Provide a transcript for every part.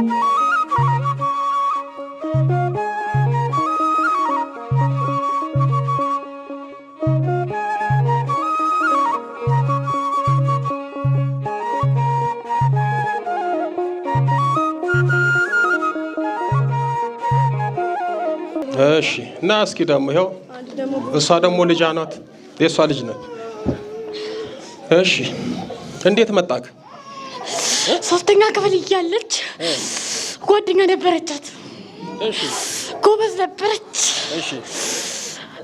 እሺ እና እስኪ ደግሞ ይኸው እሷ ደግሞ ልጅ ናት፣ የእሷ ልጅ ናት። እሺ እንዴት መጣክ? ሶስተኛ ክፍል እያለች ጓደኛ ነበረቻት፣ ጎበዝ ነበረች።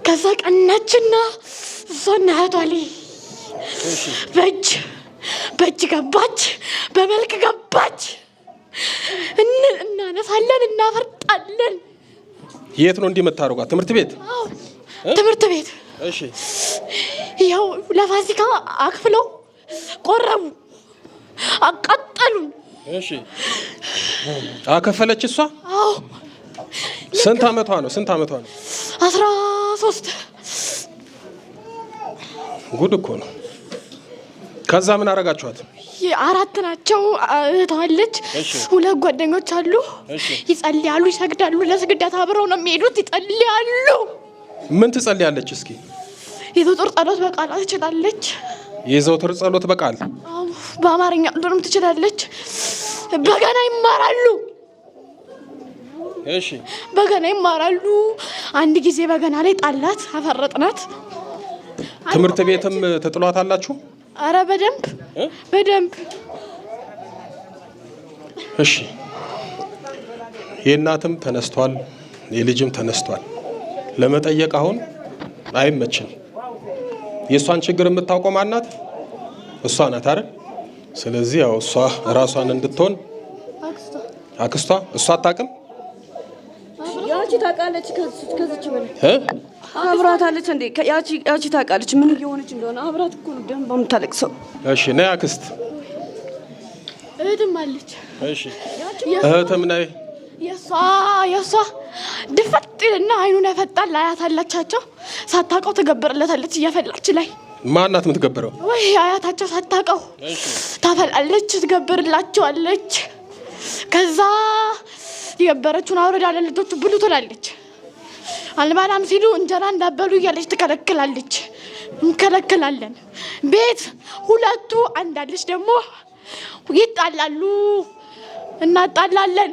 ከዛ ቀናችና እሷና እህቷ በእጅ በእጅ ገባች፣ በመልክ ገባች። እናነሳለን፣ እናፈርጣለን። የት ነው እንዲህ የምታደርጓት? ትምህርት ቤት ትምህርት ቤት። ያው ለፋሲካ አክፍለው ቆረቡ። አቃጠሉኝ። እሺ አከፈለች እሷ? አዎ። ስንት አመቷ ነው? ስንት አመቷ ነው? አስራ ሶስት ጉድ እኮ ነው። ከዛ ምን አረጋችኋት? አራት ናቸው። እህታለች ሁለት ጓደኞች አሉ። ይጸልያሉ፣ ይሰግዳሉ። ለስግደት አብረው ነው የሚሄዱት። ይጸልያሉ። ምን ትጸልያለች? እስኪ የዘውትር ጸሎት በቃል ትችላለች። የዘውትር ጸሎት በቃል በአማርኛ ድርም ትችላለች። በገና ይማራሉ። እሺ በገና ይማራሉ። አንድ ጊዜ በገና ላይ ጣላት፣ አፈረጥናት። ትምህርት ቤትም ተጥሏት አላችሁ? አረ በደንብ በደንብ። እሺ የእናትም ተነስቷል፣ የልጅም ተነስቷል። ለመጠየቅ አሁን አይመችም። የእሷን ችግር የምታውቀው ማናት? እሷ ናት አይደል? ስለዚህ ያው እሷ ራሷን እንድትሆን አክስቷ እሷ አታውቅም። ያቺ ታውቃለች፣ ከዚች በላይ አብራታለች። እንዴ ያቺ ያቺ ታውቃለች ምን እየሆነች እንደሆነ። አብራት እኮ ነው ደንብ ሰው። እሺ ነይ አክስት። እህትም አለች። እሺ እህትም ነይ። የእሷ የእሷ ድፈጥ ይልና አይኑን ያፈጣል። አያት አላቻቸው ሳታውቀው ትገብርለታለች እያፈላች ላይ ማናት የምትገብረው? ወይ አያታቸው ሳታውቀው ታፈላለች፣ ትገብርላቸዋለች። ከዛ የገበረችውን አውረዳ ለልጆቹ ብሉ ትላለች። አልባላም ሲሉ እንጀራ እንዳበሉ እያለች ትከለክላለች። እንከለክላለን ቤት ሁለቱ አንዳለች ደግሞ ይጣላሉ፣ እናጣላለን።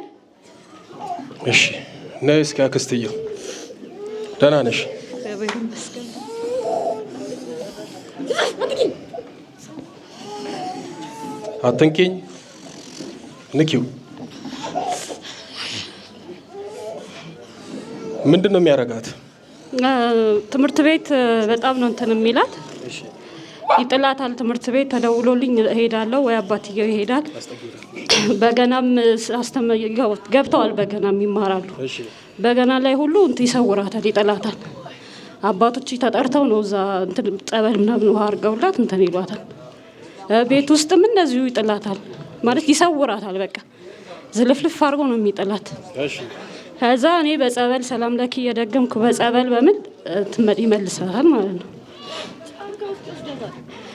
እሺ ነይ እስኪ አክስትዬ፣ ደህና ነሽ? አትንኪኝ፣ ንኪው። ምንድን ነው የሚያደርጋት? ትምህርት ቤት በጣም ነው እንትን የሚላት ይጥላታል። ትምህርት ቤት ተደውሎልኝ እሄዳለሁ ወይ አባትየው ይሄዳል። በገናም ገብተዋል፣ በገናም ይማራሉ። በገና ላይ ሁሉ እንትን ይሰውራታል፣ ይጥላታል። አባቶች ተጠርተው ነው እዛ ጠበል ምናምን ውሃ አድርገውላት እንትን ይሏታል። ቤት ውስጥም እንደዚሁ ይጥላታል ማለት ይሰውራታል። በቃ ዝልፍልፍ አድርጎ ነው የሚጥላት። ከዛ እኔ በጸበል ሰላም ለኪ እየደገምኩ በጸበል በምን ይመልሳታል ማለት ነው።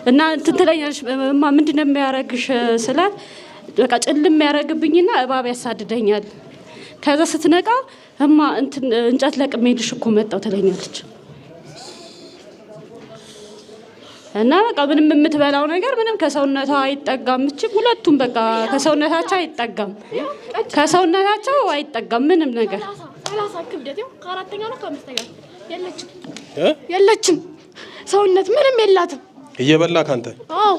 እና ትንትለኛልሽ ትለኛለች እማ ምንድን ነው የሚያደርግሽ ስላት በቃ ጭልም ያደርግብኝና እባብ ያሳድደኛል። ከዛ ስትነቃ እማ እንጨት ለቅሜልሽ እኮ መጣው ትለኛለች። እና በቃ ምንም የምትበላው ነገር ምንም ከሰውነቷ አይጠጋም። እችም ሁለቱም በቃ ከሰውነታቸው አይጠጋም፣ ከሰውነታቸው አይጠጋም ምንም ነገር የለችም። ሰውነት ምንም የላትም። እየበላ ካንተ አዎ፣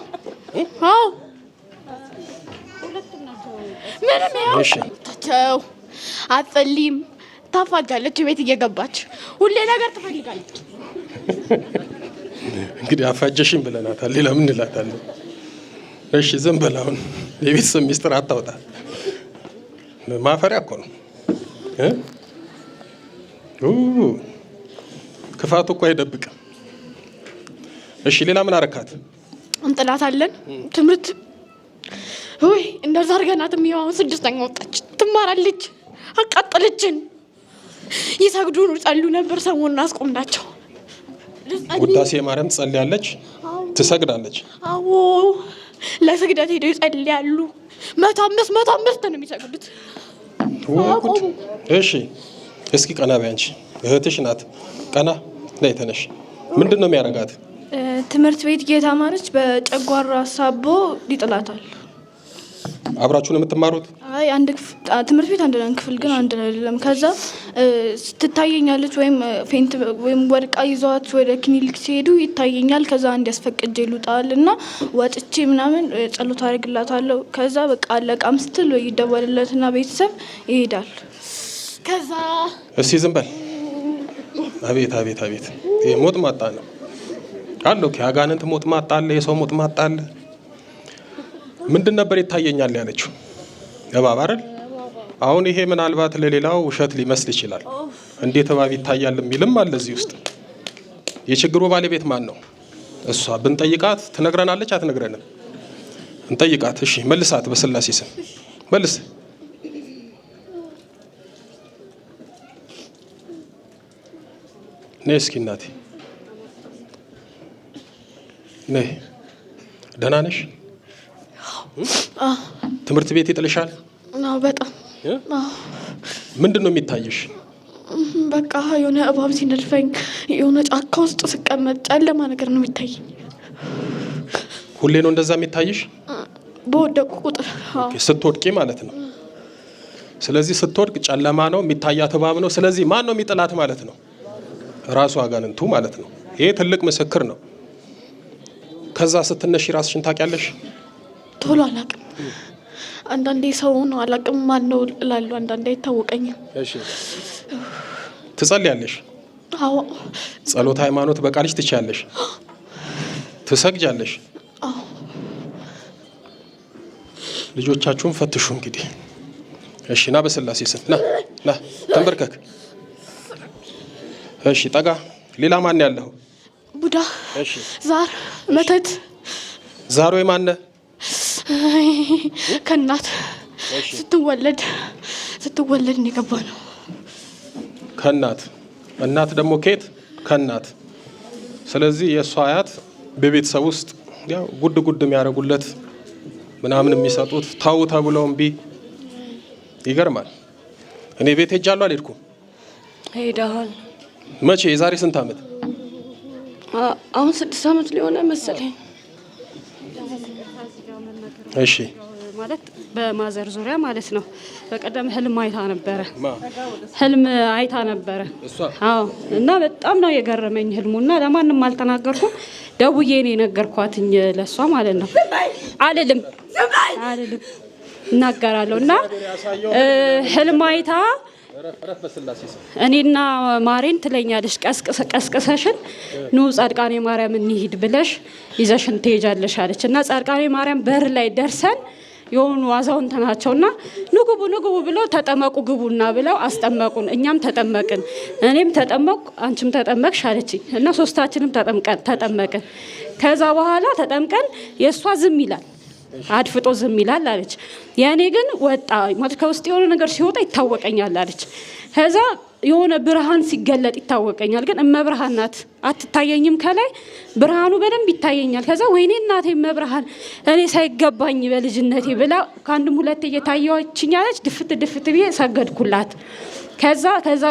አዎ ምንም ያው አትጸልይም፣ ታፋጃለች፣ ቤት እየገባች ሁሌ ነገር ትፈልጋለች። እንግዲህ አፋጀሽን ብለናታል። ሌላ ምን እላታለሁ? እሺ ዝም በል አሁን የቤተሰብ ሚስጥር አታውጣ። ማፈሪያ እኮ ነው። ክፋቱ እኮ አይደብቅም። እሺ ሌላ ምን አረካት? እንጥላታለን። ትምህርት ወይ እንደዛ አድርገናት የሚሆን ስድስተኛ ወጣች ትማራለች። አቃጠለችን። ይሰግዱ ጸሉ ነበር ሰሞኑን አስቆምናቸው። ውዳሴ ማርያም ትጸልያለች፣ ትሰግዳለች። አዎ ለስግደት ሄደው ይጸልያሉ። መቶ አምስት መቶ አምስት ነው የሚሰግዱት። እሺ እስኪ ቀና ቢያንቺ እህትሽ ናት። ቀና ላይ ተነሽ። ምንድን ነው የሚያደርጋት? ትምህርት ቤት ጌታ ማለች በጨጓራ ሳቦ ይጥላታል። አብራችሁን የምትማሩት? አይ አንድ ትምህርት ቤት አንድ ነን፣ ክፍል ግን አንድ አይደለም። ከዛ ትታየኛለች፣ ወይም ፌንት ወይም ወርቃ ይዘዋት ወደ ክሊኒክ ሲሄዱ ይታየኛል። ከዛ አንድ ያስፈቅጄ ልውጣል እና ወጥቼ ምናምን ጸሎት አድርግላታለሁ። ከዛ በቃ አለቃም ስትል ወይ ይደወልለትና ቤተሰብ ይሄዳል። ከዛ እስቲ ዝም በል አቤት አቤት አቤት ሞት ማጣ ነው አለ። አጋንንት ሞት ማጣ አለ። የሰው ሞት ማጣ አለ። ምንድን ነበር ይታየኛል ያለችው እባብ አይደል? አሁን ይሄ ምናልባት ለሌላው ውሸት ሊመስል ይችላል። እንዴት እባብ ይታያል የሚልም አለ እዚህ ውስጥ። የችግሩ ባለቤት ማን ነው? እሷ ብንጠይቃት ትነግረናለች? አትነግረንም? እንጠይቃት። እሺ መልሳት፣ በስላሴ ስም መልስ። ነይ እስኪ እናቴ ነይ። ደህና ነሽ? ትምህርት ቤት ይጥልሻል? አዎ በጣም። ምንድን ነው የሚታይሽ? በቃ የሆነ እባብ ሲነድፈኝ የሆነ ጫካ ውስጥ ስቀመጥ ጨለማ ነገር ነው የሚታየኝ። ሁሌ ነው እንደዛ የሚታይሽ? በወደቁ ቁጥር ስትወድቂ ማለት ነው። ስለዚህ ስትወድቅ ጨለማ ነው የሚታያት፣ እባብ ነው። ስለዚህ ማን ነው የሚጥላት ማለት ነው? ራሱ አጋንንቱ ማለት ነው። ይሄ ትልቅ ምስክር ነው። ከዛ ስትነሽ ራስሽን ታውቂያለሽ። ቶሎ አላቅም። አንዳንዴ ሰው ነው አላቅም ማን ነው እላለሁ። አንዳንዴ አይታወቀኝም። ትጸልያለሽ? አዎ። ጸሎት ሃይማኖት በቃልሽ ትቻለሽ? ትሰግጃለሽ? አዎ። ልጆቻችሁን ፈትሹ እንግዲህ። እሺ፣ ና በስላሴ ስም ና ና፣ ተንበርከክ። እሺ፣ ጠጋ። ሌላ ማን ያለው? ቡዳ፣ ዛር፣ መተት። ዛሮ ማነ? ከእናት ስትወለድ ስትወለድ ነው የገባ ነው። ከእናት እናት ደግሞ ከየት ከእናት። ስለዚህ የእሷ አያት በቤተሰብ ውስጥ ያው ጉድ ጉድ የሚያደርጉለት ምናምን የሚሰጡት ታው ተብለው እምቢ። ይገርማል። እኔ ቤት ሄጃለሁ አልሄድኩም? ሄደሃል። መቼ? የዛሬ ስንት አመት? አሁን ስድስት አመት ሊሆነ መሰለኝ እሺ ማለት በማዘር ዙሪያ ማለት ነው። በቀደም ህልም አይታ ነበረ ህልም አይታ ነበረ። አዎ እና በጣም ነው የገረመኝ ህልሙ እና ለማንም አልተናገርኩም። ደውዬ ነው የነገርኳትኝ ለሷ ማለት ነው። አልልም አልልም እናገራለሁ እና ህልም አይታ እኔና ማሬን ትለኛለሽ፣ ቀስቅሰሽን ኑ ጻድቃኔ ማርያም እንሂድ ብለሽ ይዘሽን ትሄጃለሽ አለች እና ጻድቃኔ ማርያም በር ላይ ደርሰን የሆኑ አዛውንት ናቸውና ንጉቡ ንጉቡ ብለው ተጠመቁ ግቡና ብለው አስጠመቁን። እኛም ተጠመቅን። እኔም ተጠመቅ፣ አንቺም ተጠመቅሽ አለችኝ እና ሶስታችንም ተጠመቅን። ከዛ በኋላ ተጠምቀን የእሷ ዝም ይላል አድፍጦ ዝም ይላል አለች። የእኔ ግን ወጣ ማለት ከውስጥ የሆነ ነገር ሲወጣ ይታወቀኛል አለች። ከዛ የሆነ ብርሃን ሲገለጥ ይታወቀኛል። ግን እመብርሃን ናት አትታየኝም። ከላይ ብርሃኑ በደንብ ይታየኛል። ከዛ ወይኔ እናቴ እመብርሃን እኔ ሳይገባኝ በልጅነቴ ብላ ከአንድም ሁለት እየታየችኝ አለች። ድፍት ድፍት ብዬ ሰገድኩላት። ከዛ ከዛ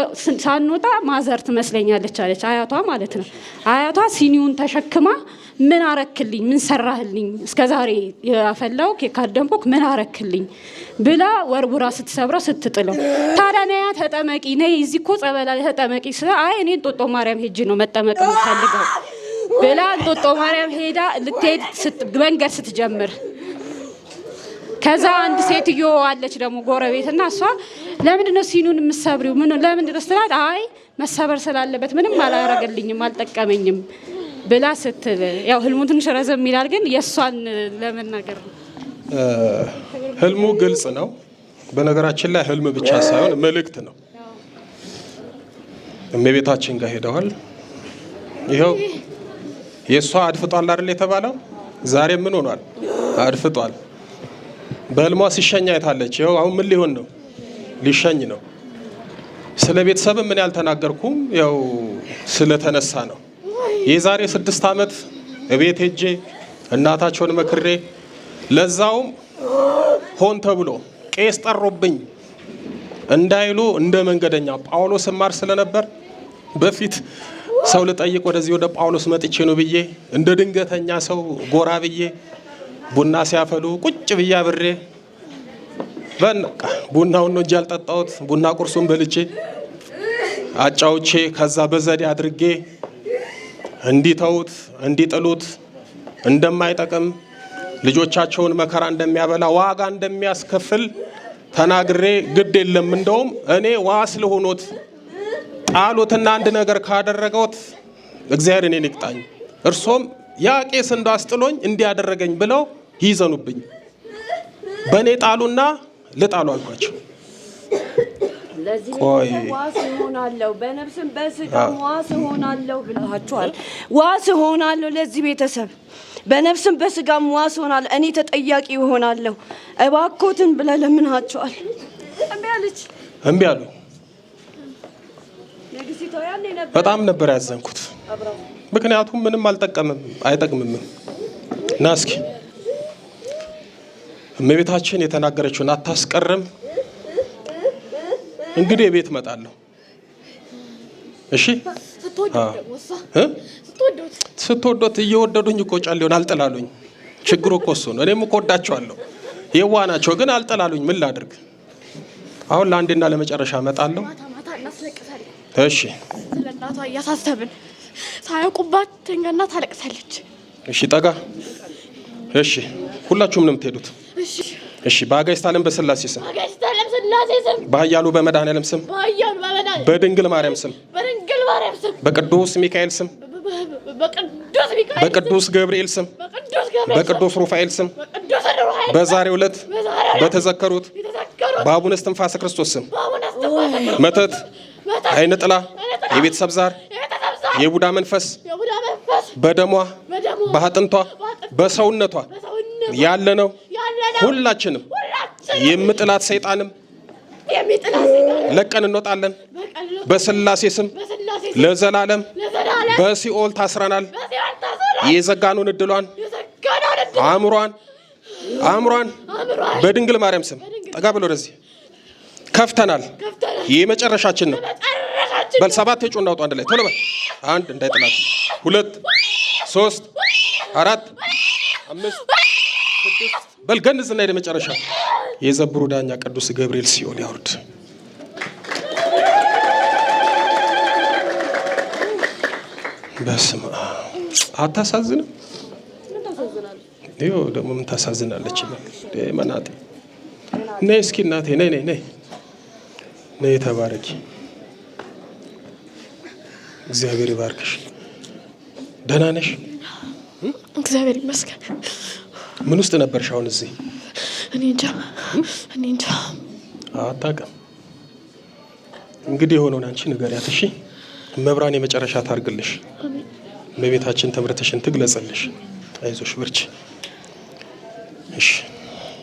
ሳንወጣ ማዘር ትመስለኛለች አለች አያቷ ማለት ነው። አያቷ ሲኒውን ተሸክማ ምን አረክልኝ፣ ምን ሰራህልኝ፣ እስከዛሬ ያፈላው ኬክ ምን አረክልኝ ብላ ወርውራ ስትሰብረው ስትጥለው፣ ታዲያ ነያ ተጠመቂ ነይ እዚህ እኮ ጸበላ ተጠመቂ ስ አይ እኔ እንጦጦ ማርያም ሄጅ ነው መጠመቅ ምፈልገው ብላ እንጦጦ ማርያም ሄዳ ልትሄድ መንገድ ስትጀምር ከዛ አንድ ሴትዮ አለች ደግሞ ጎረቤት እና እሷ ለምንድን ነው ሲኑን የምሰብሪው? ለምንድን ነው ስትላት አይ መሰበር ስላለበት ምንም አላረገልኝም፣ አልጠቀመኝም ብላ ስትል ያው ህልሙ ትንሽ ረዘም ይላል፣ ግን የእሷን ለመናገር ነው። ህልሙ ግልጽ ነው። በነገራችን ላይ ህልም ብቻ ሳይሆን መልእክት ነው። እመቤታችን ጋር ሄደዋል። ይኸው የእሷ አድፍጧል አይደል የተባለው ዛሬ ምን ሆኗል? አድፍጧል። በህልሟ ሲሸኝ አይታለች። ይኸው አሁን ምን ሊሆን ነው? ሊሸኝ ነው። ስለ ቤተሰብም ምን ያልተናገርኩም ያው ስለተነሳ ነው። የዛሬ ስድስት ዓመት እቤት ሄጄ እናታቸውን መክሬ ለዛውም ሆን ተብሎ ቄስ ጠሩብኝ እንዳይሉ እንደ መንገደኛ ጳውሎስ ማር ስለነበር በፊት ሰው ልጠይቅ ወደዚህ ወደ ጳውሎስ መጥቼ ነው ብዬ እንደ ድንገተኛ ሰው ጎራ ብዬ ቡና ሲያፈሉ ቁጭ ብዬ አብሬ በቃ ቡናውን ነው እንጂ ያልጠጣሁት ቡና ቁርሱን በልቼ አጫውቼ ከዛ በዘዴ አድርጌ እንዲተውት እንዲጥሉት እንደማይጠቅም ልጆቻቸውን መከራ እንደሚያበላ ዋጋ እንደሚያስከፍል ተናግሬ ግድ የለም እንደውም እኔ ዋስ ልሆኖት ጣሉትና አንድ ነገር ካደረገውት እግዚአብሔር እኔን ይቅጣኝ፣ እርሶም ያ ቄስ አስጥሎኝ እንዲያደረገኝ ብለው ይዘኑብኝ፣ በእኔ ጣሉና ልጣሉ አልኳቸው። ለዚህ ዋስ እሆናለሁ፣ በነፍስም በስጋም ዋስ እሆናለሁ ብላችኋል። ዋስ እሆናለሁ ለዚህ ቤተሰብ በነፍስም በስጋም ዋስ እሆናለሁ፣ እኔ ተጠያቂ እሆናለሁ። እባኮትን ብለ ለምናችኋል። እምቢ አለች፣ እምቢ አሉ። በጣም ነበር ያዘንኩት፣ ምክንያቱም ምንም አልጠቀምም አይጠቅምም። እና እስኪ እመቤታችን የተናገረችውን አታስቀርም እንግዲህ ቤት እመጣለሁ። እሺ ስትወዶት እየወደዱኝ እኮ ጨሌውን አልጠላሉኝ። ችግሩ እኮ እሱ ነው። እኔም እኮ ወዳቸዋለሁ፣ የዋ ናቸው ግን አልጠላሉኝ። ምን ላድርግ? አሁን ለአንድና ለመጨረሻ እመጣለሁ። እሺ ስለ እናቷ እያሳሰብን ሳያውቁባት ተኛና ታለቅሳለች። እሺ ጠጋ። እሺ ሁላችሁም ነው የምትሄዱት። እሺ በአጋይስታለን በስላሴ ስም በኃያሉ በመድኃኔዓለም ስም በድንግል ማርያም ስም በቅዱስ ሚካኤል ስም በቅዱስ ገብርኤል ስም በቅዱስ ሩፋኤል ስም በዛሬ ዕለት በተዘከሩት በአቡነ እስትንፋሰ ክርስቶስ ስም መተት፣ አይነ ጥላ፣ የቤተሰብ ዛር፣ የቡዳ መንፈስ በደሟ በአጥንቷ በሰውነቷ ያለነው ሁላችንም የምጥላት ሰይጣንም ለቀን እንወጣለን። በስላሴ ስም ለዘላለም በሲኦል ታስረናል። የዘጋኑን እድሏን አእምሯን አእምሯን በድንግል ማርያም ስም ጠጋ ብሎ ወደዚህ ከፍተናል። የመጨረሻችን ነው። በል ሰባት የጮ እናውጡ አንድ ላይ ቶሎ በል። አንድ እንዳይጥላችሁ፣ ሁለት፣ ሶስት፣ አራት፣ አምስት፣ ስድስት በል ገንዝ እና የመጨረሻ የዘብሩ ዳኛ ቅዱስ ገብርኤል ሲኦል ያውርድ። በስመ አብ አታሳዝንም? ይኸው ደግሞ ምን ታሳዝናለች? መናጤ ነይ እስኪ እናቴ ነይ ነይ ነይ ነይ ተባረኪ። እግዚአብሔር ይባርክሽ። ደህና ነሽ? እግዚአብሔር ይመስገን። ምን ውስጥ ነበርሽ አሁን እዚህ? እኔ እንጃ እኔ እንጃ አታውቅም። እንግዲህ የሆነውን አንቺ ንገሪያት እሺ። መብራን የመጨረሻ ታርግልሽ። በቤታችን ተምርተሽን ትግለጸልሽ። አይዞሽ ብርች